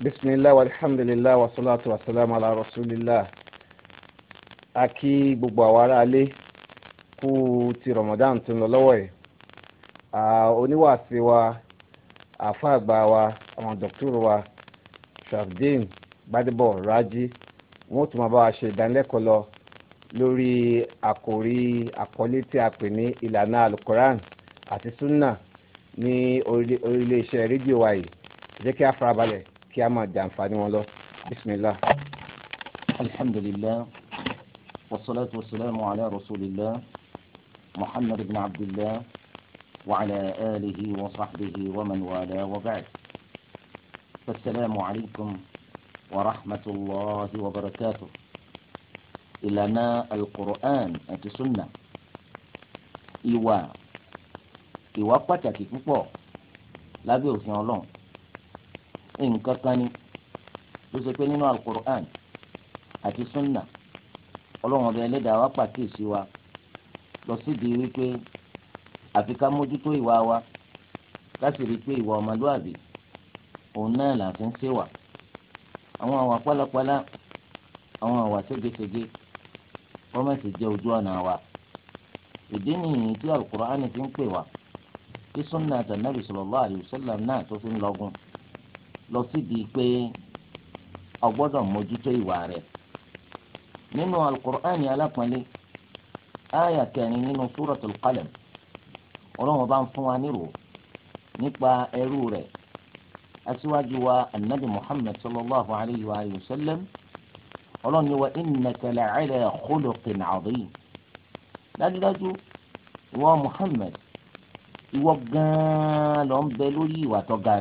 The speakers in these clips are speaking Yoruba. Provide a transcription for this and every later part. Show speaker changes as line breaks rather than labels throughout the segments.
bisimilah alhamdulilah wasalaatu wasalaamu ala rasulillah a kí gbogbo àwọn ará alé kú ti ramadan tó ń lọ lọ́wọ́ yìí oníwàásí wa àfáàgbà wa àwọn dọ́kítọ́rù wa shafdin gbadebo raji wọn ò tún máa bá wa ṣe ìdánilẹ́kọ̀ọ́ lọ lórí àkòrí àkọlé tí a pè ní ìlànà alukoran àti sunna ní orílẹ̀-èdè iṣẹ́ rédíò wa yìí jẹ́ kí a farabalẹ̀ kí a máa jàǹfààní wọn lọ bisimilah. alhamdulilah wasalaatu wasalaamu ala rasulillah muhammad ibn abdillah wa ala alihi wa sahbihi wa man wala wa ba'd. fasalaamu alaykum wa rahmatulahi wa barakatuh. ìlànà alqur'an àti sunnah ìwà ìwà pàtàkì púpọ̀ lábẹ́ òfin ọlọ́run nǹkan kan ni ló ṣe pé nínú alukur'an àti sunna ọlọ́run ọba ẹlẹ́dàá wa pàkíyèsí wa lọ sídìí wípé àfi ká mójútó ìwà wa láti rí i pé ìwà ọmọlúwàbí òun náà là ń fi ń ṣèwà àwọn àwà pálapàla àwọn àwà ségesège wọ́n má sì jẹ́ ojú ọ̀nà wa ìdí nìyí tí alukur'an fi ń pè wá tí sunna àtànàbì sallallahu alaihi wasallam náà tó fi ń lọ́gùn lọ sídìí pé ọgbọ́dọ̀ mójútó ìwà rẹ̀ nínú alukur'ani alápọ̀nlé àyà kẹrin nínú súratul qalam ọlọ́run bá ń fún wa nírò nípa ẹrú rẹ̀ aṣíwájú wa anabi muhammed sallallahu alayhi wa sallam ọlọ́run ni wa innaka la'ala khuluqin adhim dájúdájú ìwọ muhammed ìwọ gan-an ló bẹ lórí ìwà tó ga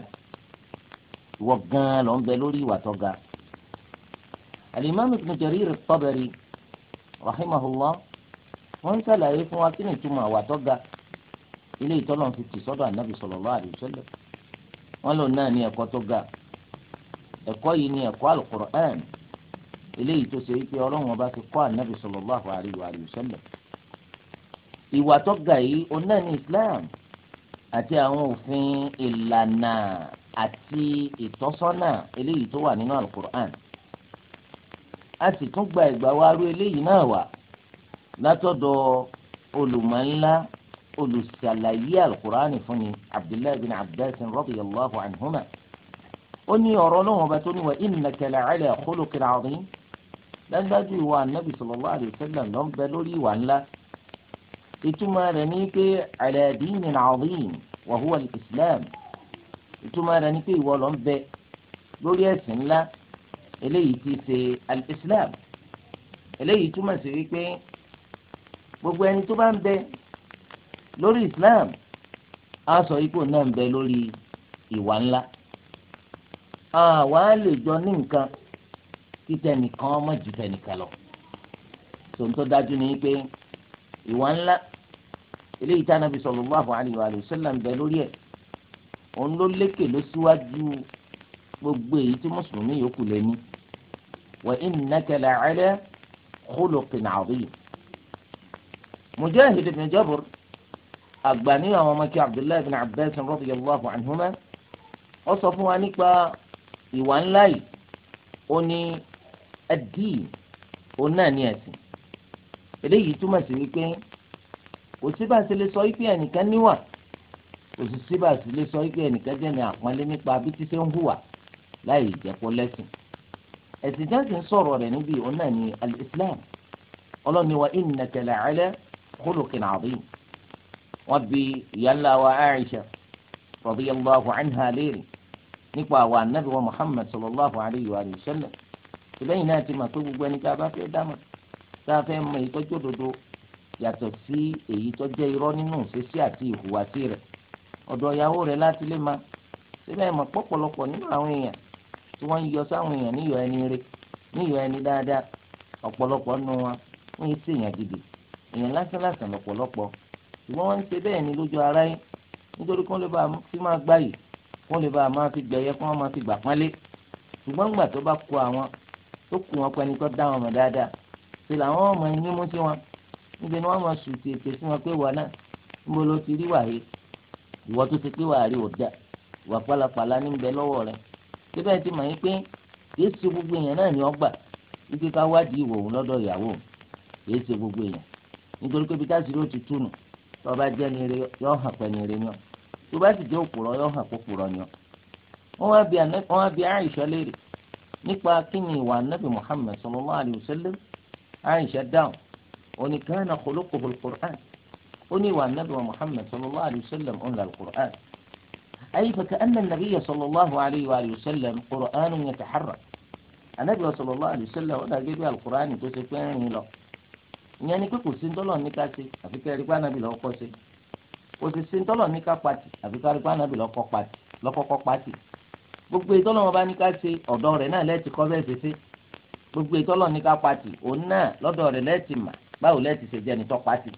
ìwọ gan ló ń bẹ lórí ìwà tó ga. alimami ibn jarir at-tabari rahimahullah wọ́n ń sàlàyé fún wa kí ni ìtumọ̀ àwà tó ga ilé ìtọ́lọ́n fi tì sọ́dọ̀ ànábì sallallahu alaihi wasallam wọ́n lò náà ní ẹ̀kọ́ tó ga ẹ̀kọ́ yìí ní ẹ̀kọ́ al-Qur'an eléyìí tó ṣe wípé ọlọ́run ọba ti kọ́ ànábì sallallahu alaihi wasallam ìwà tó yìí onáà ní Islam àti àwọn òfin ìlànà àti ìtọ́sọ́nà eléyìí tó wà nínú alukur'an a sì tún gba ìgbà wa rú eléyìí náà wà látọ̀dọ̀ olùmọ̀ńlá olùsàlàyé alukur'an fúnni abdullahi bin abbas radiyallahu anhuma ó ní ọ̀rọ̀ náà wọn bá tó ní wa innaka la'ala khuluqin azim dájúdájú ìwà anabi sallallahu alayhi wa ló ń bẹ lórí ìwà ńlá ìtumọ̀ rẹ̀ ní pé ala dinin azim wa islam ìtumọ̀ rẹ̀ ni pé ìwọ lọ ń bẹ lórí ẹ̀sìn ńlá eléyìí ti ṣe al-Islam eléyìí túmọ̀ sí wípé gbogbo ẹni tó bá ń bẹ lórí Islam á sọ ipò náà ń bẹ lórí ìwà ńlá àwa lè jọ ní nǹkan títẹ nìkan ọmọ jù tẹnìkan lọ tòǹtò dájú ni pé ìwà ńlá eléyìí tí Ànábì sallallahu alaihi wa sallam ń bẹ lórí ẹ̀ òun ló lékè ló síwájú gbogbo èyí tí mùsùlùmí yòókù lè ní wa innaka la'ala khuluqin adhim Mujahid ibn Jabr àgbàní àwọn ọmọ kí Abdullahi ibn Abbas radiyallahu anhuma ó sọ fún wa nípa ìwà ńlá yìí ó ní ad òun náà ní ẹ̀sìn eléyìí túmọ̀ sí wípé kò síbà lè sọ wípé ẹnìkan níwà òsì síbàsí lè sọ wípé ẹnìkan jẹ́ ní àpọ́nlé nípa bí ti ṣe ń hùwà láì ìjẹ́pọ̀ lẹ́sìn ẹ̀sìn jáde ń sọ̀rọ̀ rẹ̀ níbi òun náà ní al-Islam ọlọ́ni wa innaka la'ala khuluqin azim wọ́n bi ìyá ńlá wa Aisha radiyallahu anha léèrè nípa àwọn anábì wa Muhammad sallallahu alayhi wa sallam ìbẹ́yìn náà ti mà pé gbogbo ẹni tá bá fẹ́ dámà tá a fẹ́ mọ èyí òdodo yàtọ̀ sí èyí tọ́jú irọ́ nínú òṣèṣì àti ìhùwàsí rẹ̀ ọ̀dọ̀ ìyàwó rẹ̀ láti lè máa síbẹ̀ mọ̀ pọ̀pọ̀lọpọ̀ nínú àwọn èèyàn tí wọ́n ń yọ sáwọn èèyàn níyọ ẹni rẹ níyọ ẹni dáadáa ọ̀pọ̀lọpọ̀ nù wọn ń yí sí èèyàn gidi èèyàn lásánlásán lọ̀pọ̀lọpọ̀ ṣùgbọ́n wọ́n ń ṣe bẹ́ẹ̀ ni lójú ara yín nítorí kó lè bá fi máa gbá yìí kó lè bá máa fi gbẹ̀yẹ kó máa fi gbà pọ́nlé ṣùgbọ́n ńgbà tó bá kó àwọn tó kù wọn pẹ́ni tó dá wọn mọ̀ dáadáa ṣe làwọn ọmọ ẹni mú sí wọn níbi ni wọ́n mọ̀ sùn tètè sí wọn pé wọ́n náà níbo ló ti rí wàyí ìwọ tó ti pé wàá rí ọ̀dà ìwà pálapàla ní bẹ lọ́wọ́ rẹ síbẹ̀ tí mọ̀ yín pé kìí ṣe gbogbo èèyàn náà ni ọgbà wípé ká wádìí ìwò òun lọ́dọ̀ ìyàwó kìí ṣe gbogbo èèyàn nítorí pé bíi táṣìírí òtún túnù tó bá jẹ́ ni yọ hàn pẹ́ ni rẹ̀ yàn tó bá sì jẹ́ òpùrọ̀ yọ hàn pópùrọ̀ yàn. wọ́n wá bi Àìṣà léèrè nípa kíni ìwà anábì Muhammad sallallahu alayhi wa sallam Àìṣà dáhùn òní kana al-Qur'an ó ní ìwà ànábì wa Muhammad sallallahu alayhi wa sallam ọ̀nà al-Qur'an ayé فكأن النبي صلى الله عليه وآله وسلم قرآن يتحرك ànábì wa sallallahu alayhi wa sallam ó dàgé bí al-Qur'an tó ṣe pé ni pé kò sí ntọ́lọ̀ ní ká ṣe àfi ká kò sì sí ntọ́lọ̀ pati àfi ká ẹ̀rí pé ànábì lọ́kọ́kọ́ pati gbogbo ìtọ́lọ̀ wọn bá ní ká ṣe ọ̀dọ̀ náà lẹ́ẹ̀tì kọ́ bẹ́ẹ̀ ṣe gbogbo ìtọ́lọ̀ ní pati òun náà lọ́dọ̀ rẹ̀ lẹ́ẹ̀tì mà báwo lẹ́ẹ̀tì ṣe jẹ́ pati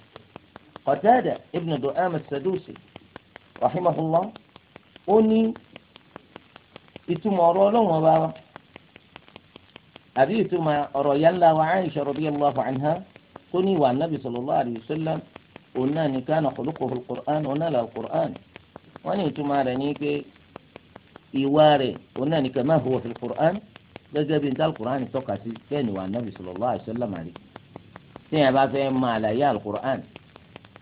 قتادة ابن دؤام السدوسي رحمه الله ó ní ìtumọ̀ ọ̀rọ̀ ọlọ́run ọba wa àbí ìtumọ̀ ọ̀rọ̀ ìyá ńlá wa Aisha radiyallahu anha tó ní ìwà anábì sallallahu alayhi wa sallam òun náà ní kana khuluquhu al-Qur'an òun náà là al-Qur'an wọ́n ní ìtumọ̀ rẹ̀ ní pé ìwà rẹ̀ òun náà ní kama huwa fi al-Qur'an gẹ́gẹ́ bí nta al-Qur'an tọ́ka sí bẹ́ẹ̀ ni ìwà anábì sallallahu alayhi wa sallam àrí tí yẹn bá fẹ́ máa àlàyé al-Qur'an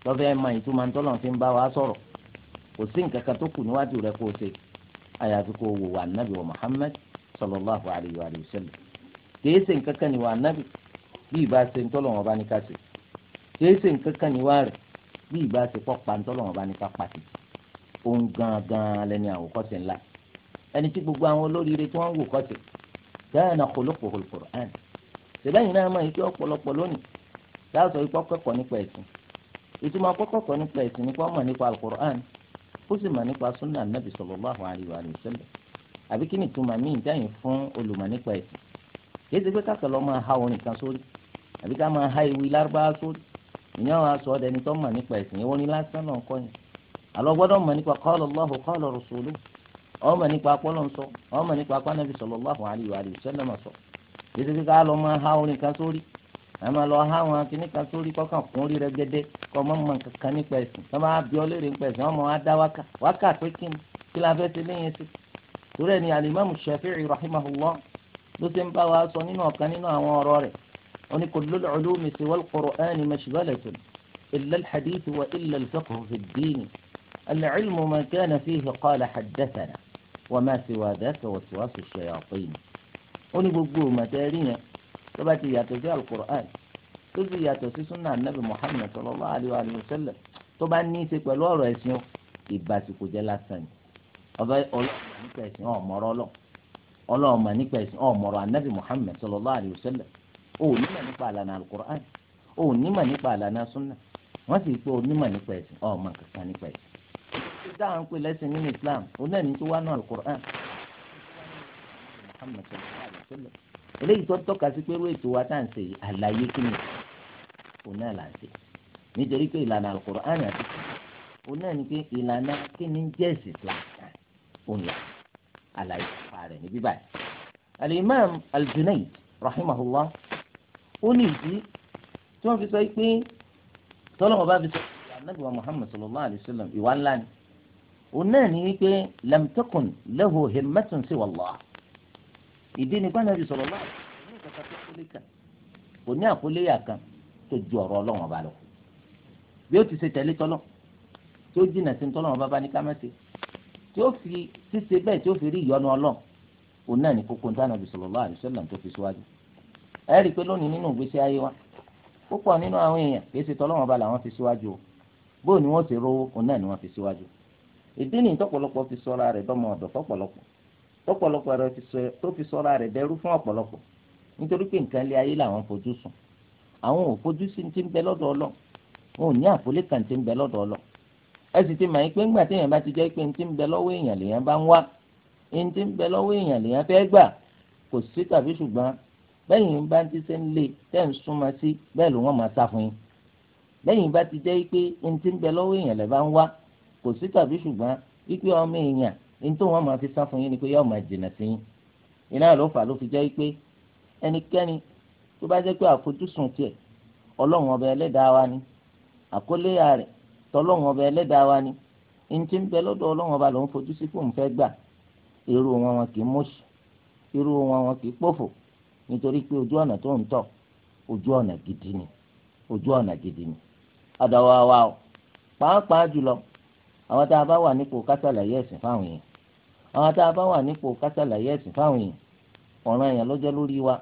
lọ́fẹ́ mọ ìtumọ̀ ntọ́lọ́n fi ń bá wa sọ̀rọ̀ kò sí nǹkan kan tó kù níwájú rẹ kó o ṣe àyàfi kó wò wà nábì wa Muhammad sallallahu alayhi wa sallam kì í ṣe nǹkan kan ní wà nábì bí ìbá ṣe ntọ́lọ́n wọn bá ní ká ṣe kì í ṣe nǹkan kan ní wà rẹ bí ìbá ṣe pọ́ pa ntọ́lọ́n wọn bá ní ká pàṣẹ òun gangan lẹni àwòkọ́ṣe ńlá ẹni tí gbogbo àwọn olóríire tí wọ́n ń wòkọ́ṣe kana khuluquhul Qur'an ìtumọ̀ akọ́kọ́kọ́ nípa ẹ̀sìn nípa ọmọ nípa alukur'an ó sì mọ̀ nípa sunnah nabi sallallahu alayhi wa sallam àbí kí ni ìtumọ̀ míì dáyìn fún olùmọ̀ nípa ẹ̀sìn yéé ṣe pé kákàlọ́ máa ha orin kan sórí àbí ká máa ha ìwé lárúbáwá sórí ìyẹn àwọn aṣọ ọdẹ ni tó mọ̀ nípa ẹ̀sìn yẹn wọ́n ní lásán náà kọ́ yẹn àlọ́ gbọ́dọ̀ mọ̀ nípa qala Allahu qala ẹ máa lọ há wọn kíní kan sórí kọkàn fún orí rẹ gẹdẹ kọ mọ mọ kankan nípa ẹsìn wọn máa bí ọlẹ́rẹ̀ nípa ẹsìn wọn máa dá wákà wákà pé kí ni kí la fẹ́ ṣe léyìn sí. torí ẹ ní alimami shafi'i rahimahullah ló ṣe ń bá wa sọ nínú ọ̀kan nínú àwọn ọ̀rọ̀ rẹ̀ ó ní kullul ulumi siwal qur'ani mashghalatun illa al ní gbogbo màtẹ́rì yẹn tó bá ti yàtọ̀ sí alukur'an tó ti yàtọ̀ sí sunna anabi muhammed sallallahu alayhi wa sallam tó ní í ṣe pẹ̀lú ọ̀rọ̀ ẹ̀sìn ìbásíkò jẹ́ lásán ọba ọlọ́ọ̀mà nípa ẹ̀sìn ọ̀mọ́rọ́ lọ ọlọ́ọ̀mà nípa ẹ̀sìn anabi muhammed sallallahu alayhi wa o ó nímọ̀ nípa àlànà alukur'an ó nímọ̀ nípa àlànà sunna wọ́n sì eléyìí tó tọ́ka sí pé irú ètò wa tá à ń ṣe àlàyé kí ni òun náà là ń ṣe nítorí pé ìlànà Al-Qur'an àti òun náà ni pé ìlànà kí ni jẹ́ ẹ̀sìn Islam òun là àlàyé fà rẹ̀ níbí báyìí. Al-Imam rahimahullah ó ní ìdí tí wọ́n fi sọ pé tọ́lọ́mọ bá fi sọ anabi wa Muhammad sallallahu alayhi wa sallam ìwà ńlá ni òun náà ni wípé lam takun lahu himmatun siwa Allah ìdí ni pé nàbì sọ̀rọ̀ láàyè ní ìkàkà tó kólé kan kò ní àkóléyà kan tó ju ọ̀rọ̀ ọlọ́run ọba lọ bí ó ti ṣe tẹ̀lé tọ́lọ́ tí ó jìnà sí tọ́lọ́run ọba bá ní ká mẹ́sẹ̀ tí ó fi ṣíṣe bẹ́ẹ̀ tí ó fi rí ìyọnu ọlọ́run òun náà ní kókó nítorí nàbì sallallahu alaihi wasallam tó fi síwájú ẹ rí i pé lónìí nínú ìgbésí ayé wa púpọ̀ nínú àwọn èèyàn kì í ṣe tọ́lọ́run ọba làwọn fi síwájú o bóò ni wọ́n ti rówó òun náà ni wọ́n fi síwájú ìdí nìyí tọ́pọ̀lọpọ̀ fi sọ́ra rẹ̀ dọ́mọ ọ̀dọ̀ fọ́pọ̀lọpọ̀ tọ́pọ̀lọpọ̀ rẹ̀ tó fi sọ́ra rẹ̀ dẹrú fún ọ̀pọ̀lọpọ̀ nítorí pé nǹkan lé ayé làwọn fojú sùn àwọn ò fojú sí ti ń bẹ lọ́dọ̀ Ọlọ́run wọn ò ní àpòlé kan ti ń bẹ lọ́dọ̀ Ọlọ́run ẹ sì ti mọ̀ pé ńgbà téèyàn bá ti jẹ́ pé ti ń bẹ lọ́wọ́ èèyàn lèèyàn bá ń wá ti ń bẹ lọ́wọ́ èèyàn lèèyàn fẹ́ gbà kò sí tàbí ṣùgbọ́n bẹ́yìn bá ti ṣe ń lé tẹ́ ń súnmọ́ sí bẹ́ẹ̀ ló wọ́n máa sá fún yín bẹ́yìn bá ti jẹ́ pé ti ń bẹ lọ́wọ́ èèyàn lè bá ń wá kò sí tàbí ṣùgbọ́n wípé ọmọ èèyàn nítorí wọn máa fi sá fún yín ni pé yóò máa jìnnà sí yín iná ló fà ló fi jẹ́ pé ẹnikẹ́ni tó bá jẹ́ pé àfojúsùn tiẹ̀ ọlọ́run ọba ẹlẹ́dàá wa ni àkọlé rẹ̀ tọ́lọ́run ọba ẹlẹ́dàá wa ni ní ti ń bẹ lọ́dọ̀ ọlọ́run ọba lòún fojú sí fóun fẹ́ gbà irú wọn wọn kì í mọ̀ṣù irú wọn wọn kì í pòfò nítorí pé ojú ọ̀nà tó ń tọ̀ ojú ọ̀nà gidi ni ojú ọ̀nà gidi ni ọ̀dọ̀ wa o pàápàá jùlọ àwọn tá a bá wà nípò kásàlàyé ẹ̀sìn fáwọn yẹn àwọn tá a bá wà nípò kásàlàyé ẹ̀sìn fáwọn èèyàn ọ̀ràn èèyàn lọ́jọ́ lórí wa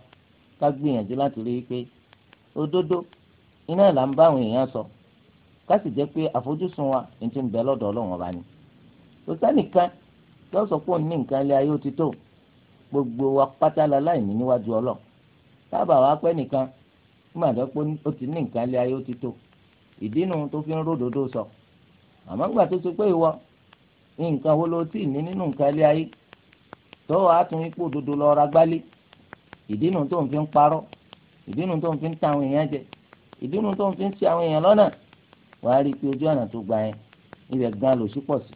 ká gbìyànjú láti rí i pé òdodo iná là ń bá àwọn èèyàn sọ ká sì jẹ́ pé àfojúsùn wa ní ti ń bẹ lọ́dọ̀ ọlọ́run ọba ni kò sẹ́nìkan lọ́sọ̀ pé òun ní nǹkan ilé ayé ó ti tó gbogbo wa pátá la láìní níwájú ọlọ́run sábà wàá pẹ́ nìkan nígbàdàn pé ó ti ní nǹkan ilé ayé ó ti tó ìdí nu tó fi ń ródòdó sọ àmọ́ ńgbà tó ti pé ìwọ nǹkan wo ló tì ní nínú nǹkan ilé ayé tó wàá tún ipò òdodo lọ ra gbálé ìdínú tó ń fi ń parọ́ ìdínú tó ń fi ń ta àwọn èèyàn jẹ ìdínú tó ń fi ń ti àwọn èèyàn lọ́nà wàá rí i pé ojú ọ̀nà tó gba yẹn ibẹ̀ gan lòṣì pọ̀ sí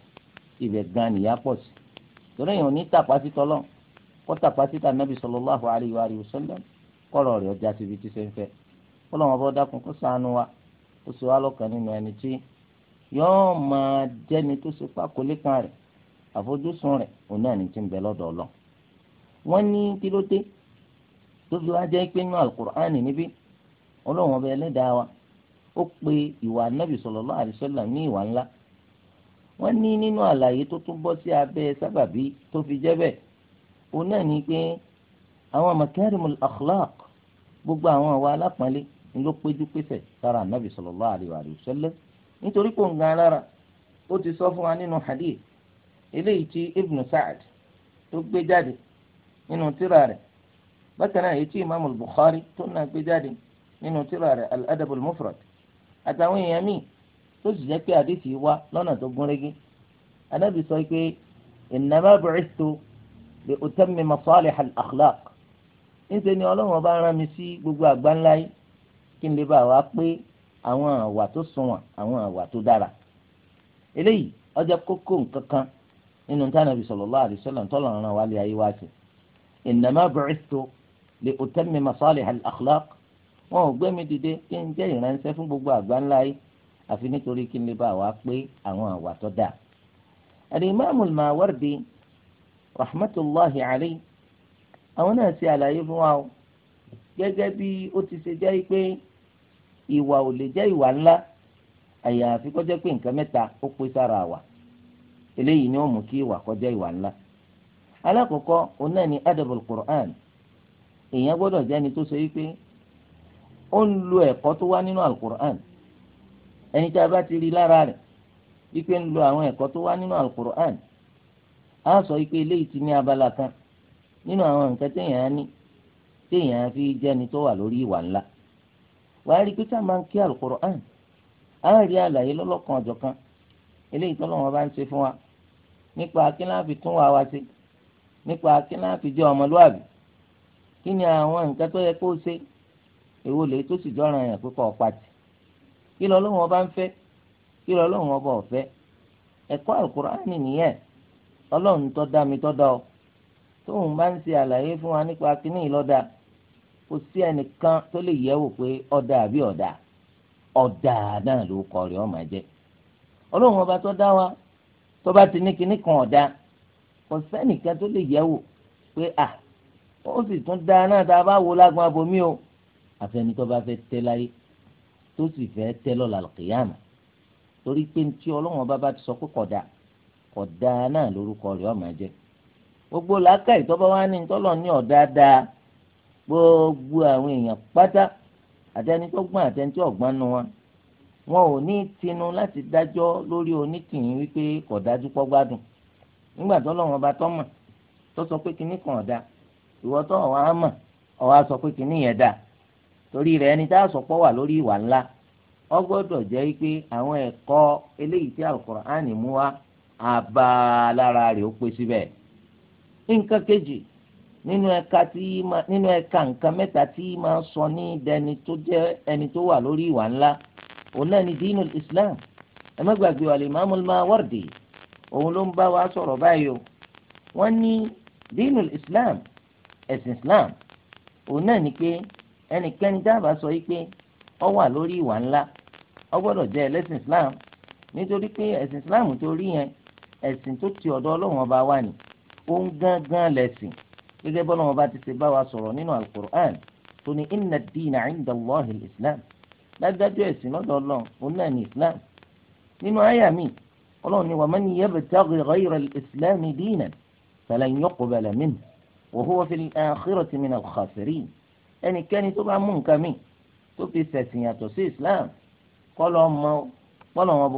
ibẹ̀ gan nìyà pọ̀ sí torí èèyàn ní tàpá sí tọ́lọ́ kó tàpá sí tànàbì sallallahu alaihi wa sallam kọ́rọ̀ rẹ̀ ọjà síbi tí ṣe ń fẹ́ kọ́lọ́wọ́n bọ́ dákun kó ṣàánú wa kó sì wá lọ́kàn nínú ẹni tí yóò máa jẹ́ni tó ṣe pákólé kan rẹ̀ àfojúsùn rẹ̀ òun náà ní ti ń bẹ lọ́dọ̀ ọlọ́ wọ́n ní kí ló dé tó fi wá jẹ́ pé nínú alukur'ani níbí ọlọ́run ọba ẹlẹ́dàá wa ó pe ìwà anábì sallallahu alaihi wasallam ní ìwà ńlá wọ́n ní nínú àlàyé tó tún bọ́ sí abẹ́ sábàbí tó fi jẹ́ bẹ́ẹ̀ òun náà ní pé àwọn makarimul akhlaq gbogbo àwọn àwa alápọ̀nlé ni ló péjú pésẹ̀ sára anábì sallallahu alaihi wasallam nítorí kò ń gan lára ó ti sọ fún wa nínú hadith eléyìí tí ibn Sa'd tó gbé jáde nínú tírà rẹ̀ bákan náà èyí tí imaamu Bukhari tó náà gbé jáde nínú tírà rẹ̀ al-adabul mufrad àtàwọn èèyàn míì tó sì jẹ́ pé hadith yìí wá lọ́nà tó gúnrégé anábì sọ pé innama bu'ithtu li utammima salih al-akhlaq ńṣe ni ọlọ́run ọba rán mi sí gbogbo àgbáńlá yìí kí n lè bá wa pé àwọn àwà tó sunwọ̀n àwọn àwà tó dára eléyìí ọjọ́ kókó nǹkan kan nínú tánàbí sallallahu alaihi wasallam tọ́lọ̀ ràn wá lé ayé wá sí innama bu'ithtu li utammima salih al-akhlaq wọn ò gbé mi dìde kí n jẹ́ ìránṣẹ́ fún gbogbo àgbáńlá yìí àfi nítorí kí n lè bá wa pé àwọn àwà tó dáa. al-Imamul Mawardi rahmatullahi alayhi àwọn náà ṣe àlàyé fún wa o gẹ́gẹ́ bí ó ti ṣe jẹ́ pé ìwà ò lè jẹ́ ìwà ńlá àyàfi kó jẹ́ pé nǹkan mẹ́ta ó pé sára àwà eléyìí ni ó mú kí ìwà kó jẹ́ ìwà ńlá alákọ̀ọ́kọ́ òun náà ni adabul Qur'an èèyàn gbọ́dọ̀ jẹ́ ẹni tó ṣe wípé ó ń lo ẹ̀kọ́ tó wá nínú alukur'an ẹni tí a bá ti rí lára rẹ̀ wípé ń lo àwọn ẹ̀kọ́ tó wá nínú alukur'an á sọ wípé eléyìí ti ní abala kan nínú àwọn nǹkan téèyàn á ní téèyàn á fi jẹ́ni tó wà lórí ìwà ńlá wàá rí pété máa ń kí alukur'an á rí àlàyé lọ́lọ́kan ọ̀jọ̀kan eléyìí tó lọ́wọ́ bá ń ṣe fún wa nípa akínláàfi tún wá wa ṣe nípa akínláàfi jẹ́ ọmọlúwàbí kí ni àwọn nǹkan tó yẹ kó o ṣe èwo lèyí tó sì jọ́ràn yàn pé ọ kí lọ lọ́wọ́ bá ń fẹ́ kí lọ lọ́wọ́ bá ò fẹ́ ẹ̀kọ́ alukur'an nìyẹn ọlọ́run ọ tóun bá ń ṣe fún wa nípa ìlọ́dà kò sí ẹnìkan tó lè yẹ̀wò pé ọ̀dà àbí ọ̀dà ọ̀dà náà ló kọ rẹ̀ ọ̀mà jẹ́ ọlọ́run ọba tó dá wa tó bá ti ní kinní kan ọ̀dà kò sẹ́nìkan tó lè yẹ̀wò pé à ó sì tún dá náà tá a bá wo lágbọn abomi o àfẹni tó bá fẹ́ tẹ́ láyé tó sì fẹ́ tẹ́ lọ́la kìyàmù torí pé tí ọlọ́run ọba bá ti sọ pé kọ̀dà kọ̀dà náà lórúkọ rẹ̀ ọ̀mà jẹ́ gbogbo làákàyè tó bá wá ní ní gbogbo àwọn èèyàn pátá àtẹni tó gbọ́n àtẹni tó ọ̀gbọ́n nu wọn wọn ò ní tinú láti dájọ́ lórí onítìyín wípé kò dájú pọ́ gbádùn nígbà tó lọ́wọ́n ọba tọ́ mọ̀ tó sọ pé kinní kan ọ̀dà ìwọ tó á mọ̀ ọ̀wá sọ pé kinní yẹn dà torí rẹ̀ ẹni tá a sọ pọ́ wà lórí ìwà ńlá ó gbọ́dọ̀ jẹ́ wípé àwọn ẹ̀kọ́ eléyìí tí Al-Qur'ani mú wá àbá lára rẹ̀ ó pé síbẹ̀ nǹkan kejì nínú ẹ̀ka tí nínú ẹ̀ka nǹkan mẹ́ta tí máa sọ ní dẹni tó jẹ́ ẹni tó wà lórí ìwà ńlá òun náà ni dínú islam ẹ má gbàgbé wàlẹ̀ ìmáàmù Mawardi òun ló ń bá wa sọ̀rọ̀ báyìí o wọ́n ní dínú islam ẹ̀sìn islam òun náà ni pé ẹnikẹ́ni dábàá sọ yìí pé ó wà lórí ìwà ńlá ó gbọ́dọ̀ jẹ́ ẹlẹ́sìn islam nítorí pé ẹ̀sìn islam tó rí yẹn ẹ̀sìn tó ti ọ̀dọ̀ ọlọ́run ọba wa ni òun gangan lẹ̀sìn gẹ́gẹ́ bọ́lá wọn bá ti ṣe bá wa sọ̀rọ̀ nínú alukur'an tó ní inna ad-dina 'inda Allahi al-islam dájúdájú ẹ̀sìn lọ́dọ̀ ọlọ́run òun náà ní islam nínú àyà mi ọlọ́run ni wa man yabtaghi ghayra al-islam dinan falan yuqbala minhu wa huwa fil akhirati min al-khasirin ẹnikẹ́ni tó bá mú nǹkan mi tó fi ṣẹ̀sìn yàtọ̀ sí islam kọ́lọ́ ọmọ kọ́lọ́ wọn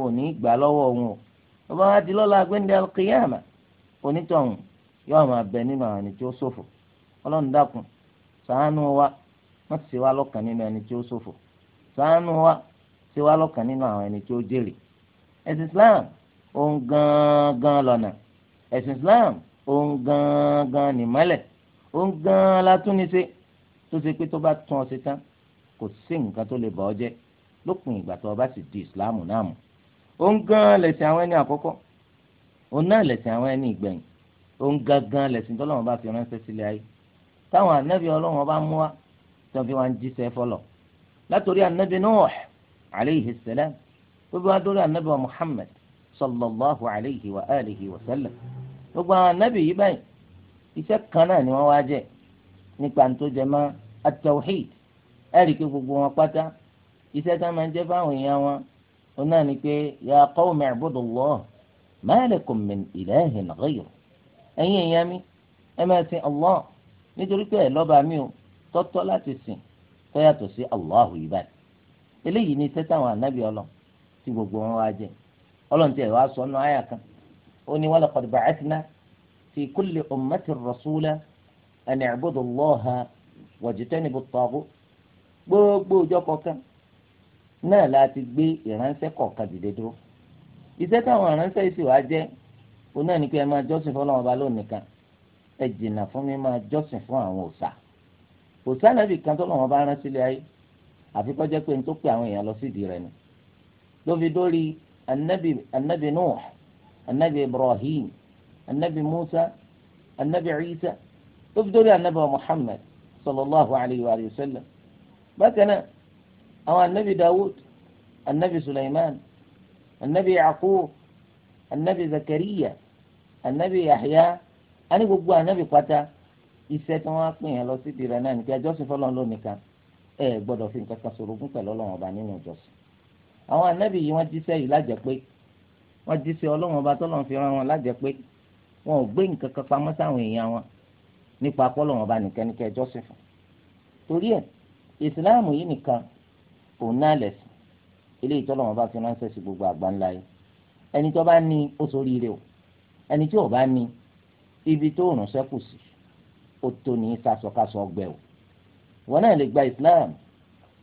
bò ní yóò máa bẹ nínú àwọn ẹni tí ó ṣòfò ọlọ́run dákun ṣàánú wa má ṣe wá lọ́kàn nínú ẹni ó ṣòfò ṣàánú wa ṣe wá lọ́kàn nínú àwọn ẹni ó jèrè ẹ̀sìn Islam òun gangan lọ́nà ẹ̀sìn Islam òun gangan nìmọ́lẹ̀ òun gan látúnisẹ tó ṣe pé tó bá tún ọ ṣe tán kò sí nǹkan tó lè bà ọ́ jẹ́ lópin ìgbà tó o bá sì di Islam náà mú òun gan lẹ̀sìn àwọn ẹni àkọ́kọ́ òun náà lẹ̀sìn àwọn ẹni ìgbẹ̀yìn òun gangan lẹ̀sìn tọ́lọ́run bá fi ránṣẹ́ sílẹ̀ ayé táwọn ànábì ọlọ́run ọba mú wa tó fi wá ń jíṣẹ́ fọlọ̀ látòrí ànábì Nuh alayhi salam gbogbo wa dórí ànábì wa Muhammad sallallahu alayhi wa alihi wa sallam gbogbo àwọn ànábì yìí báyìí iṣẹ́ kan náà ni wọ́n wá jẹ́ nípa tó jẹ mọ́ at-tawhid gbogbo wọn pátá iṣẹ́ tá máa ń jẹ́ fáwọn èèyàn wọn òun ni pé ya qawmi i'budu Allah ma lakum enye èèyàn mi ẹ máa sin allah nítorí pé ẹ lọ́ba mi ò tọ́tọ́ láti sìn tó yàtọ̀ sí allahu ibad eléyìí ni tẹ́tàwọn ànábì ọlọ́n tí gbogbo wọn wá jẹ ọlọ́n tí ẹ wá sọ ọ́nà àyà kan ó ní fi kulli ummatin rasula an i'budu allaha wajtanibu at-taghut gbogbo ọjọ́ kọ̀ọ̀kan náà láti gbé ìránṣẹ́ kọ̀ọ̀kan dìde dúró ìránṣẹ́ yìí sì wá jẹ́ òun náà ni pé ẹ máa jọ́sìn fún ọlọ́run ọba lónìkan ẹ jìnnà fún mi máa jọ́sìn fún àwọn òòṣà òòṣà nàbì kan tọ́lọ́run ọba rán sílé ayé àfi kó jẹ́ pé n tó pe àwọn èèyàn lọ sídìí rẹ̀ ni ló fi dórí anabi anabi nuh anabi ibrahim anabi musa anabi isa ló fi dórí anabi muhammad sallallahu alayhi wa sallam bákan àwọn anabi dawud anabi suleiman anabi yaqub anabi zakariya anabi yahya ani gbogbo anabi pátá iṣẹ́ tí wọ́n á pè yẹn lọ sí ìdìrẹ́ náà nìkan ẹjọ́sìn fọlọ́n lónìí kan ẹ gbọ́dọ̀ fi nǹkan kan sorogún pẹ̀lú ọlọ́run ọba nínú ìjọsìn àwọn anabi yìí wọ́n jíṣẹ́ yìí lájẹ́ pé wọ́n jíṣẹ́ ọlọ́run ọba tọ́lọ́run fi rán wọn lájẹ́ pé wọn ò gbé nǹkan kan pamọ́ sáwọn èèyàn wọn nípa pọ́lọ́run ọba nìkan nìkan ẹjọ́sìn fún torí ẹ̀ ìsìláàmù yìí nìkan òun náà lẹ̀sìn eléyìí tọ́lọ́run ọba fi ránṣẹ́ sí gbogbo àgbáńlá yìí ẹni tó bá ní ó soríire o ẹni tí ò bá ní ibi tó rùn sẹ́kù sí ó tó ní sasọkasọ ọgbẹ́ o wọn náà lè gba islam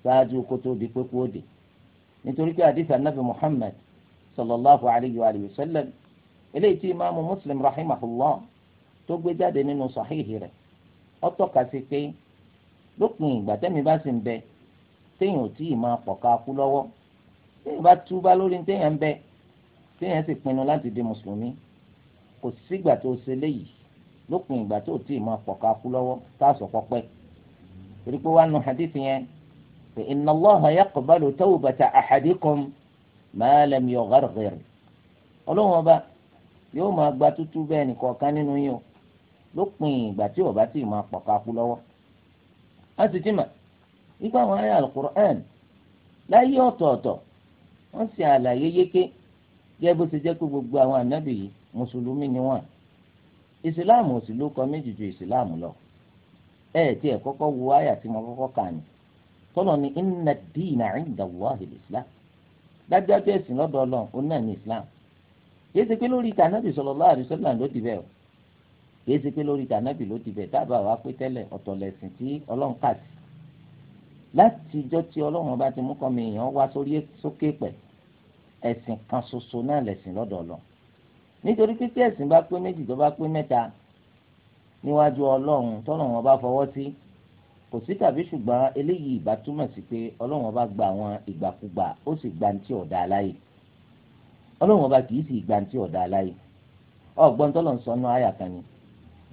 ṣáájú kó tó di pé kú ó dé nítorí pé àdìsí anabi muhammad sallallahu alayhi wa sallam eléyìí tí imaamu muslim rahimahullah tó gbé jáde nínú sàhíhì rẹ̀ ó tọ́ka sí pé lópin ìgbà tẹ́mi bá sì ń bẹ téèyàn ò tí ì máa pọ̀ ká kú lọ́wọ́ téèyàn bá túbá lórí téèyàn ń bẹ téèyàn sì pinnu láti di mùsùlùmí kò sígbà tó ṣe léyìí lópin ìgbà tó tí ì máa pọ̀ka kú lọ́wọ́ tá a sọ pọ́pẹ́ torí pé wàá nu hadith yẹn pé inna Allaha yaqbalu tawbata ahadikum ma lam yugharghir ọlọ́run ọba yóò máa gba tútú bẹ́ẹ̀ nìkọ̀ọ̀kan nínú yín o lópin ìgbà tí ọba tí máa pọ̀ka kú lọ́wọ́ a sì ti mà nípa àwọn ayé al láyé ọ̀tọ̀ọ̀tọ̀ wọ́n sì àlàyé yéké gẹ́gẹ́ bó ti jẹ́ pé gbogbo àwọn ànábì yìí mùsùlùmí ni wọ́n ìsìláàmù òsì ló kọ méjì ju ìsìláàmù lọ ẹ ẹ tiẹ̀ kọ́kọ́ wo àyà tí mo kọ́kọ́ kà ní tọlọ ni inna diina inda Allahi islam dájúdájú ẹ̀sìn lọ́dọ̀ Ọlọ́run òun náà ní islam kìí ṣe pé lórí tànàbì sallallahu alaihi wasallam ló ti bẹ o kìí ṣe pé lórí tànàbì ló ti bẹ dábàá wa pé tẹ́lẹ̀ ọ̀tọ̀ lẹ̀sìn tí Ọlọ́run kà sí láti ìjọ tí Ọlọ́run bá ti mú kọmi èèyàn wá sórí sókè pẹ ẹ̀sìn kan ṣoṣo náà lẹ̀sìn lọ́dọ̀ Ọlọ́run nítorí pé tí ẹ̀sìn bá pé méjì tó bá pé mẹ́ta níwájú ọlọ́run tọ́lọ́run ọba fọwọ́ sí kò sí tàbí ṣùgbọ́n eléyìí ìbá túmọ̀ sí pé ọlọ́run ọba gba àwọn ìgbàkúgbà ó sì gba ní tí ọ̀dà aláyè ọlọ́run ọba kì í sì gba ní tí ọ̀dà aláyè ọgbọ́n tọ́lọ̀ ń sọnù àyà kan ni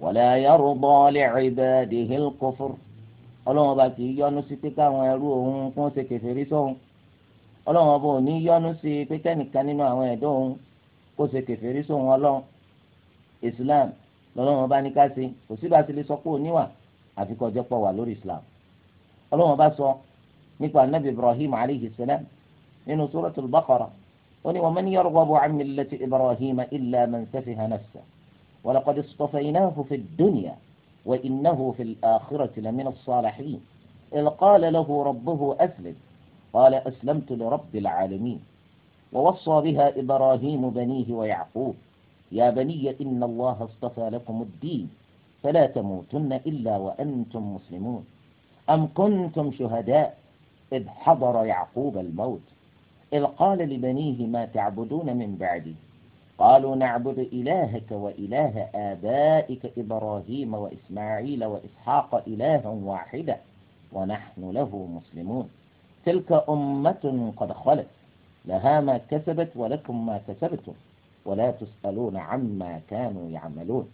wala yarda li ibadihil kufr ọlọ́run ọba kì í sí pé káwọn ẹrú òun kún ṣe kèfèrí sóhun ọlọ́run ọba ò ní yọ́nú sí pé kẹ́nìkan nínú àwọn ẹ̀dọ́ òun kó ṣe kèfèrí sóhun ọlọ́run islam lọ́lọ́run ọba ní ká ṣe kò sí bá ti lè sọ pé òníwà àfi kó jẹ́ pọ̀ wà lórí islam ọlọ́run ọba sọ nípa anabi ibrahim alayhi salam nínú suratul baqara ó ní wọn wa man yarghabu an millati ibrahim illa man safiha nafsa wa laqad istafaynahu fi dunya wa innahu fi al-akhirati lamina as-salihin إذ قال له ربه أسلم قال أسلمت لرب العالمين ووصى بها إبراهيم بنيه ويعقوب يا بني إن الله اصطفى لكم الدين فلا تموتن إلا وأنتم مسلمون أم كنتم شهداء إذ حضر يعقوب الموت إذ قال لبنيه ما تعبدون من بعدي قالوا نعبد إلهك وإله آبائك إبراهيم وإسماعيل وإسحاق إلها واحدة ونحن له مسلمون تلك أمة قد خلت لها ما كسبت ولكم ما كسبتم ولا تسألون عما كانوا يعملون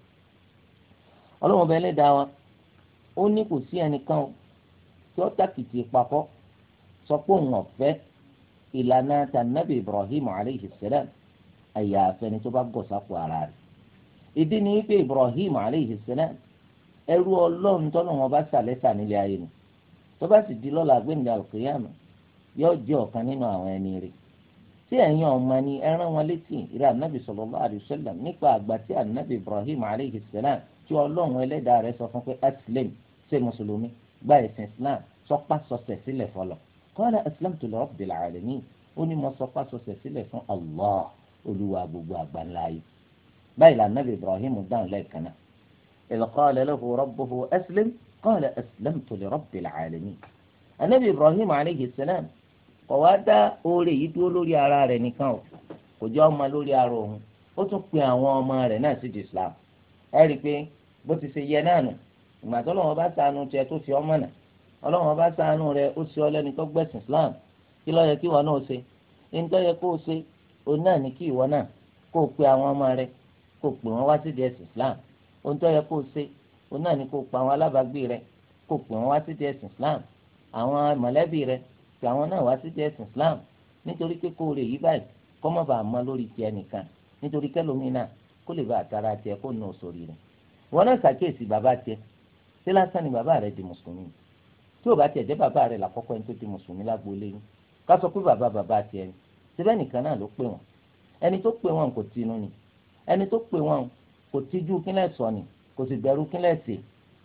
ọlọ́run ọba ẹlẹ́dàá wa ó ní kò sí ẹnìkan tí ó tàkìtì papọ̀ sọ pé òun ọ̀fẹ́ ìlànà tànàbí ibrahim aleyhi salam àyà àfẹni tó bá gọ̀sápò ara rẹ̀ ìdí ni pé ibrahim aleyhi salam ẹrú ọlọ́run tọ́lọ́ wọn bá sàlẹ́sà nílé ayé ni tó bá sì di lọ́la gbẹ̀ǹdà al yóò jẹ́ ọ̀kan nínú àwọn ẹni rẹ̀ tí ẹ̀yin ọ̀ma ni ẹ rán wọn létí ìrẹ́ ànábì sallallahu alaihi wasallam nípa àgbà tí ànábì ibrahim alayhi salam tí ọlọ́run ẹlẹ́dàá rẹ̀ sọ fún pé aslam ṣe mùsùlùmí gba ẹ̀sìn islam sọpá sọsẹ̀ sílẹ̀ fọlọ̀ qala aslamtu li rabbil alamin ó ní mo sọpá sọsẹ̀ sílẹ̀ fún allah olúwa gbogbo àgbáńlá yìí báyìí kọ̀ wá dá oore yìí dúró lórí ara rẹ̀ nìkan o kò jẹ́ ọmọ lórí ara òun ó tún pe àwọn ọmọ rẹ̀ náà sí Islam ẹ rí i pé bó ti ṣe yẹ náà nù ìgbà tó lọ́wọ́ bá fi ọmọ nà ọlọ́wọ́ bá rẹ̀ ó tó gbẹ̀sìn Islam kí yẹ kí náà o ṣe òun náà ní kí ìwọ náà kó pe àwọn ọmọ kó o pè wá di Islam ohun tó yẹ kó o ṣe òun pa àwọn alábàágbé kó o pè wá di Islam àwọn mọ̀lẹ́bí pé àwọn náà wá sí ti ẹ̀sìn Islam nítorí pé kóore yìí báyìí kọ́ mọ̀ bá a mọ lórí tiẹ̀ nìkan nítorí kẹlòmínà kó lè bá àtàrà tiẹ̀ kó nà òṣòrí rẹ̀ wọn náà ṣàkíyèsí bàbá tiẹ̀ ṣé lásán ni bàbá rẹ̀ di mùsùlùmí tí ò bá tiẹ̀ jẹ́ bàbá rẹ̀ làkọ́kọ́ ẹni tó di mùsùlùmí lágboolé ni ká sọ pé bàbá bàbá tiẹ̀ ni síbẹ̀ nìkan náà ló pè wọ́n ẹni tó pè wọ́n kò tinú ni ẹni tó pè wọ́n kò tijú kílẹ̀ sọ ni kò sì bẹ̀rù kílẹ̀ sè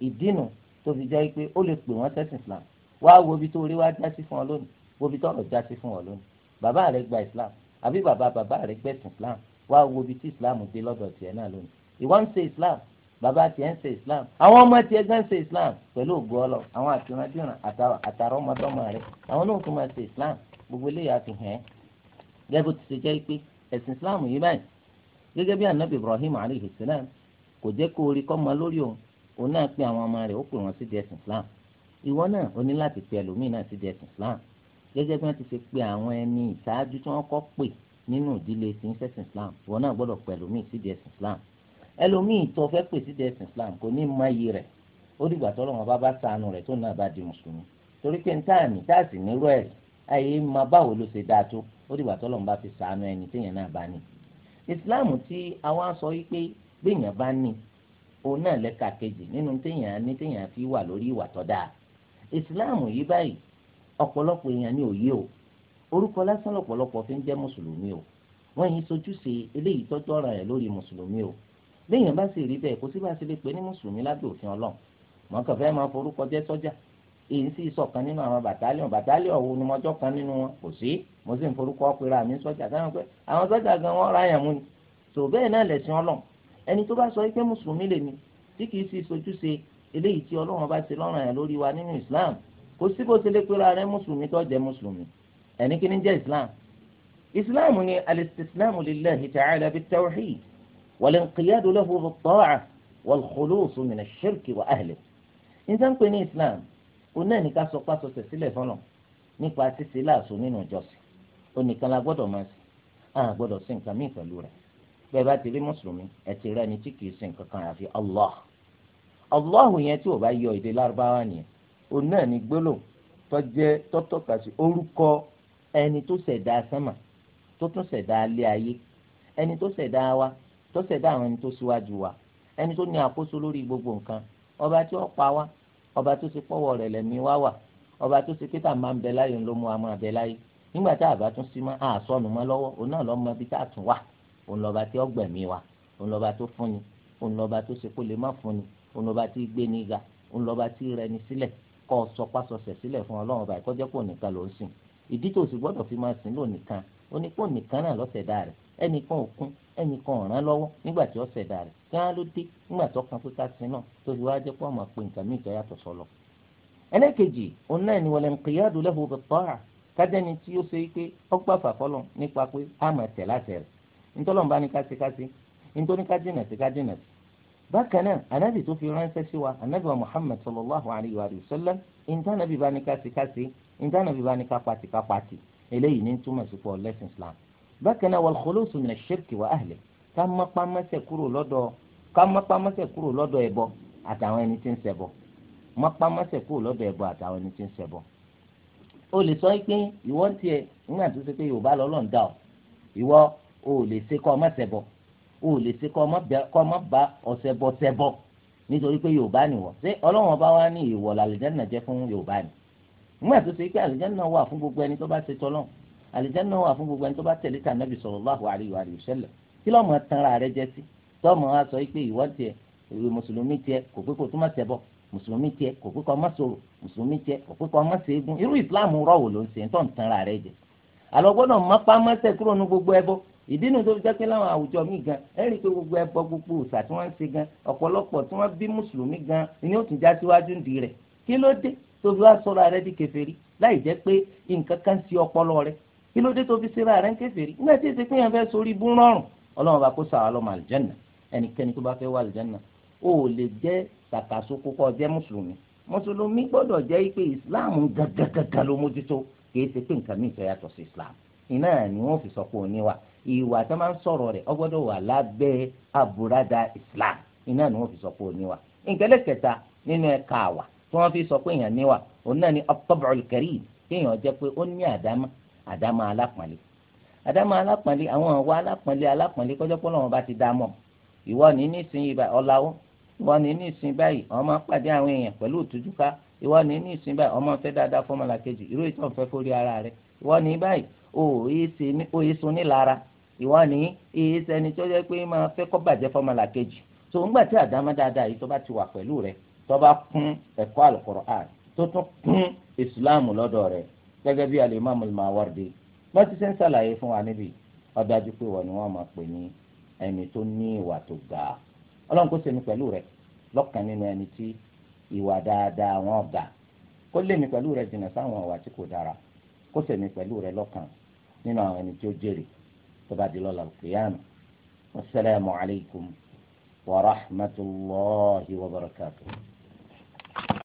ìdínú tó fi jẹ́ pé ó lè pè wọ́n sẹ́sìn Islam wá wo ibi tó rí wá já sí fún ọ lónìí wo ibi tọrọ já sí fún ọ lónìí bàbá rẹ gba islam àbí bàbá bàbá rẹ gbẹ̀sìn islam wá wo ibi tí islam dé lọ́dọ̀ tiẹ̀ náà lónìí ìwọ ń ṣe islam bàbá tiẹ̀ ń ṣe islam àwọn ọmọ tiẹ̀ gan ṣe islam pẹ̀lú ògo ọlọ àwọn àtìrandíran àtàrọ ọmọdọ́mọ rẹ àwọn náà tún máa ṣe islam gbogbo eléyà fi hàn ẹ́ gẹ́gẹ́ bó ti ṣe jẹ́ pé ẹ̀sìn islam yìí báyìí gẹ́gẹ́ bí anabi ibrahim alayhi salam kò jẹ́ kó orí kọ́ mọ lórí òun òun náà pe àwọn ọmọ rẹ̀ ó pè wọ́n sí di ẹ̀sìn islam ìwọ náà o ní láti pe ẹlòmíì náà sí di ẹ̀sìn Islam gẹ́gẹ́ bí wọ́n ti ṣe pe àwọn ẹni ìṣáájú tí wọ́n kọ́ pè nínú ìdílé tí ń ṣẹ̀sìn Islam ìwọ náà gbọ́dọ̀ pe ẹlòmíì sí di ẹ̀sìn Islam ẹlòmíì tó fẹ́ pè sí di ẹ̀sìn Islam kò ní mọ iyì rẹ̀ ó dìgbà tọ́lọ́ wọn bá bá sànù rẹ̀ tó náà bá di mùsùlùmí torí pé ntáàmì táàsì nírú ẹ̀ ayé máa báwo ló ṣe dáa tó ó dìgbà tọ́lọ́ wọn bá fi sànù ẹni téèyàn náà bá ní. Islam tí àwọn sọ wípé béèyàn bá ní òun náà lẹ́ka kejì nínú téèyàn ní téèyàn fi wà lórí ìwà tó dáa ìsìláàmù yìí báyìí ọ̀pọ̀lọpọ̀ èèyàn ní òye o orúkọ lásán lọ̀pọ̀lọpọ̀ fi ń jẹ́ mùsùlùmí o wọ́n yìí sojúṣe eléyìí tọ́jú ọ̀ràn ẹ̀ lórí mùsùlùmí o léèyàn bá sì rí bẹ́ẹ̀ kó sì bá sì lè pè ní mùsùlùmí lábẹ́ òfin ọlọ́run wọn kàn fẹ́ máa forúkọ jẹ́ sọ́jà èyí sì sọ̀kan nínú àwọn bàtálíọ̀n bàtálíọ̀n wo ni mo jọ́ kan nínú wọn kò sí mo sì ń forúkọ pera mi sọ́jà sáwọn pé àwọn sọ́jà gan wọ́n ra àyàn mú ni tò bẹ́ẹ̀ náà lẹ̀sìn ọlọ́run ẹni tó bá sọ pé mùsùlùmí lèmi tí kì í sì sojúṣe eléyìí tí ọlọ́run bá ṣe lọ́rùn yẹn lórí wa nínú islam kò sí bó ṣe lè pera rẹ mùsùlùmí tó jẹ́ mùsùlùmí ẹni kí ni jẹ́ islam islam ni al-istislamu lillahi ta'ala bit-tawhid wal-inqiyadu lahu bit-ta'ah wal-khulusu min ash-shirki wa ahlihi nǹkan pé ní islam kò náà ní ká sọ pásọ tẹ̀ sílẹ̀ fọlọ́ nípa ṣíṣe láàṣọ nínú ìjọsìn ó nìkan la gbọ́dọ̀ máa sìn á gbọ́dọ̀ sí nǹkan míì pẹ̀lú rẹ̀ bẹ́ẹ̀ bá ti rí mùsùlùmí ẹ̀ ti rẹ́ni tí kì í sìn kankan àfi Allah allahu yẹn tí o bá yọ èdè lárúbáwá nìyẹn òun náà ní gbólóhùn tó jẹ́ tó tọ́ka sí orúkọ ẹni tó ṣẹ̀dá sánmà tó tún ṣẹ̀dá alẹ́ ayé ẹni tó ṣẹ̀dá wa tó ṣẹ̀dá àwọn ẹni tó ṣíwájú wa ẹni tó ní àkóso lórí gbogbo nǹkan ọba tí ó pa wá ọba tó ṣe pọ́wọ́ rẹ̀ lẹ́mí wá wà ọba tó ṣe pété àmà ń bẹ láyé ló mú àmà bẹ láyé nígbà tá a tún sí mọ́ àsọnù mọ́ lọ́wọ́ òun náà lọ́mọ bí tá a tún wà òun lọ́ba tí ó gbẹ̀mí wa òun lọ́ba tó fún ni òun lọ́ba tó ṣe kó lè má fún ni òun lọ́ba tí gbé ní ga òun lọ́ba tí rẹ ní sílẹ̀ kọ́ ọ sọpasọsẹ̀ sílẹ̀ fún ọlọ́run ọba ìkọ́jẹ́ pò nìkan ló ń sìn ìdí tó sì gbọ́dọ̀ fi máa sìn lò nìkan ó ní pò nìkan náà lọ́sẹ̀dá rẹ̀ ẹnìkan ò kún ẹnìkan ò rán lọ́wọ́ nígbà tí ó ṣẹ̀dá rẹ̀ kí wọ́n á ló dé nígbà tó kan pé ká sin náà tó fi wá jẹ́ pé ọmọ pé nǹkan mìíràn yàtọ̀ sọlọ. ẹlẹ́kejì òun náà ni wọlé nqiyadu lahu bit-ta'a kájẹ́ni tí ó ṣe é pé ọgbà fàfọ́lọ́ nípa pé á máa tẹ̀ láti rẹ̀ ntọ́lọ́mbá bákan náà anabi tó fi ránṣẹ́ sí wa anabi wa muhammed sallallahu alayhi wa sallam ìntàn nàbí bá ní kásíkásí ìntàn nàbí bá ní kápátíkápátí eléyìí ní túmọ̀ sí pọ̀ lẹ́sìn islam bákan náà wal khulusu min ash-shirki wa ahli ká mọ́pá mọ́sẹ̀ kúrò lọ́dọ̀ ká mọ́pá mọ́sẹ̀ kúrò lọ́dọ̀ ẹ̀bọ àtàwọn ẹni tí ń ṣẹbọ mọ́pá mọ́sẹ̀ kúrò lọ́dọ̀ ẹ̀bọ àtàwọn ẹni tí ń ṣẹbọ. o lè sọ pé ìwọ ń tiẹ̀ nígbà tó ṣe pé yorùbá lọ́lọ́ ń dà ọ́ ìwọ o lè ṣe kọ́ mọ́sẹ̀ bọ̀ o lè ṣe kọ́ ọmọ bá ọ̀sẹ̀bọ̀sẹ̀bọ̀ nítorí pé yorùbá ni wọ́n ṣé ọlọ́run ọba wa ní ìwọ̀ làlùjáná jẹ́ fún yorùbá ni nígbà tó ṣe pé àlùjáná wà fún gbogbo ẹni tó bá ṣe tọ́lọ́ àlùjáná wà fún gbogbo ẹni tó bá tẹ̀lé tà nàbì sallallahu alaihi wa sallam kí lọ́mọ tanra rẹ jẹ sí tọ́mọ wa sọ pé ìwọ tiẹ̀ ìwé mùsùlùmí tiẹ̀ kò pé kò túmọ̀ tẹ̀ bọ̀ mùsùlùmí tiẹ̀ kò pé kò má sọ̀rọ̀ mùsùlùmí tiẹ̀ kò pé kò má ṣẹ́gun irú ìsìláàmù rọ̀wò ló ń ṣe tó rẹ jẹ àlọ́ gbọ́dọ̀ mọ́pá mọ́sẹ̀ kúrò ní gbogbo ẹbọ ìdí nu tó fi jẹ́ pé láwọn àwùjọ mi gan ẹ rí i pé gbogbo ẹbọ gbogbo òòṣà tí wọ́n ń ṣe gan ọ̀pọ̀lọpọ̀ tí wọ́n bí mùsùlùmí gan ni ó tún já síwájú ǹdí rẹ̀ kí ló dé tó fi wá sọ̀rọ̀ rẹ di kèfèrí láì jẹ́ pé nǹkan kan sí ọpọlọ rẹ kí ló dé tó fi síra rẹ ń kèfèrí nígbà tí èsì pínyàn fẹ́ sórí bú rọrùn ọlọ́run bá kó sàrà lọ́mọ àlùjẹ́nà ẹnikẹ́ni tó bá fẹ́ wà àlùjẹ́nà ó lè jẹ́ islam gàgàgàgà ni wọ́n fi sọ pé òní wa ìwà tó máa ń sọ̀rọ̀ rẹ̀ ọgbọ́dọ̀ wà lábẹ́ àbúradà islam iná ni wọ́n fi sọ pé ó níwà nǹkan lẹ́kẹta nínú ẹ̀ka àwà tí wọ́n fi sọ pé èèyàn níwà òun náà ni at-tab'ul karim kéèyàn jẹ́ pé ó ní àdámà àdámà alápọ̀nlé àdámà alápọ̀nlé àwọn àwa alápọ̀nlé alápọ̀nlé kọjọ́ pé bá ti dá mọ̀ ìwọ ní nísìnyí ọ̀làwọ́ ìwọ ní nísìnyí báyìí pàdé àwọn èèyàn ìwọ ní báyìí o èyí sun nílara ìwọ ní èyí sẹni tó yẹ pé máa fẹ́ kọ́ bàjẹ́ fọmọlà kejì tó ń gbà tí àdámọ́ dáadáa yìí tó bá ti wà pẹ̀lú rẹ tó bá kún ẹ̀kọ́ Al-Qur'an tó tún kún ìsìláàmù lọ́dọ̀ rẹ gẹ́gẹ́ bí al-Imam mawardi wọ́n ti ṣe ń ṣàlàyé fún wa níbi ó dájú pé wọ́n ni wọ́n máa pè ní ẹni tó ní ìwà tó ga ọlọ́run kó sẹ́mi pẹ̀lú rẹ̀ lọ́kàn nínú ẹni tí ìwà dáadáa wọn ga kó lé mi pẹ̀lú rẹ̀ jìnnà sáwọn ìwà tí kò dára kó sèmi pẹ̀lú rẹ lọ́kàn nínú àwọn ẹni tí ó jèrè tó bá di lọ́la al-qiyama alaykum wa rahmatulahi wa barakatuh.